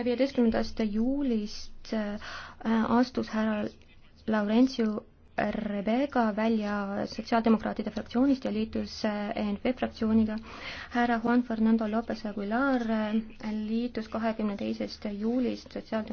viieteistkümnendast juulist äh, astus härra Laurentiu Rebega välja Sotsiaaldemokraatide fraktsioonist ja liitus äh, ENP fraktsiooniga. härra Juan Fernando Lopez Aguilar äh, liitus kahekümne teisest juulist Sotsiaaldemokraatide